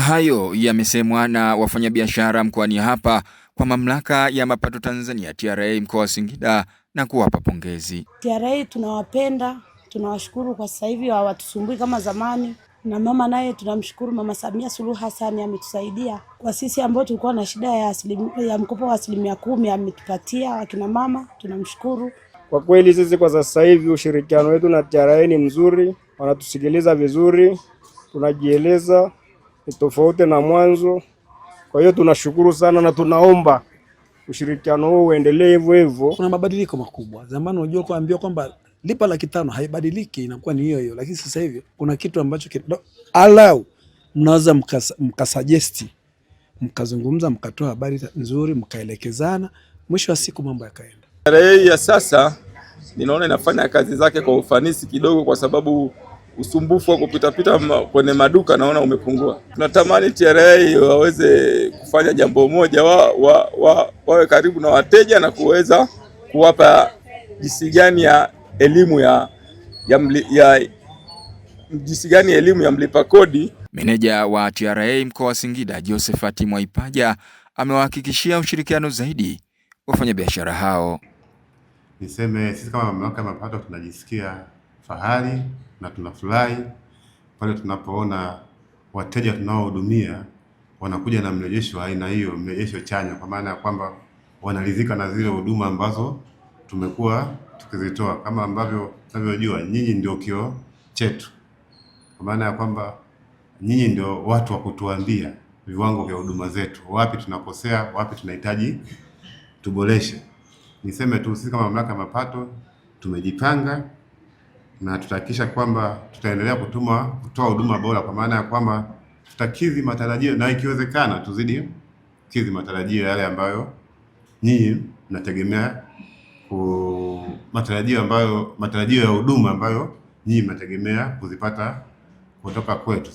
Hayo yamesemwa na wafanyabiashara mkoani hapa kwa mamlaka ya mapato Tanzania TRA mkoa wa Singida na kuwapa pongezi. TRA tunawapenda, tunawashukuru kwa sasa hivi hawatusumbui kama zamani, na mama naye tunamshukuru Mama Samia Suluhu Hassan ametusaidia kwa sisi ambao tulikuwa na shida ya, ya mkopo wa asilimia kumi ametupatia akina mama, tunamshukuru kwa kweli. Sisi kwa sasa hivi ushirikiano wetu na TRA ni mzuri, wanatusikiliza vizuri, tunajieleza ni tofauti na mwanzo. Kwa hiyo tunashukuru sana na tunaomba ushirikiano huo uendelee hivyo hivyo. Kuna mabadiliko makubwa. Zamani unajua kuambiwa kwamba lipa laki tano haibadiliki, inakuwa ni hiyo hiyo, lakini sasa hivi kuna kitu ambacho kido, alau mnaweza mkasajesti mkazungumza mkatoa habari nzuri mkaelekezana, mwisho wa siku mambo yakaenda. RA ya sasa ninaona inafanya kazi zake kwa ufanisi kidogo, kwa sababu usumbufu wa kupitapita kwenye maduka naona umepungua. Tunatamani TRA waweze kufanya jambo moja, wa, wa, wa, wawe karibu na wateja na kuweza kuwapa jinsi gani ya elimu ya, ya, ya jinsi gani elimu ya mlipa kodi. Meneja wa TRA mkoa wa Singida Josephat Mwaipaja amewahakikishia ushirikiano zaidi wafanyabiashara hao. Niseme sisi kama mamlaka ya mapato tunajisikia fahari na tunafurahi pale tunapoona wateja tunaohudumia wanakuja na mrejesho wa aina hiyo, mrejesho chanya, kwa maana ya kwamba wanaridhika na zile huduma ambazo tumekuwa tukizitoa. Kama ambavyo tunavyojua, nyinyi ndio kio chetu, kwa maana ya kwamba nyinyi ndio watu wa kutuambia viwango vya huduma zetu, wapi tunakosea, wapi tunahitaji tuboreshe. Niseme tu sisi kama mamlaka ya mapato tumejipanga na tutahakikisha kwamba tutaendelea kutuma kutoa huduma bora, kwa maana ya kwamba tutakidhi matarajio na ikiwezekana tuzidi kidhi matarajio yale ambayo nyinyi mnategemea ku matarajio ambayo matarajio ya huduma ambayo nyinyi mnategemea kuzipata kutoka kwetu.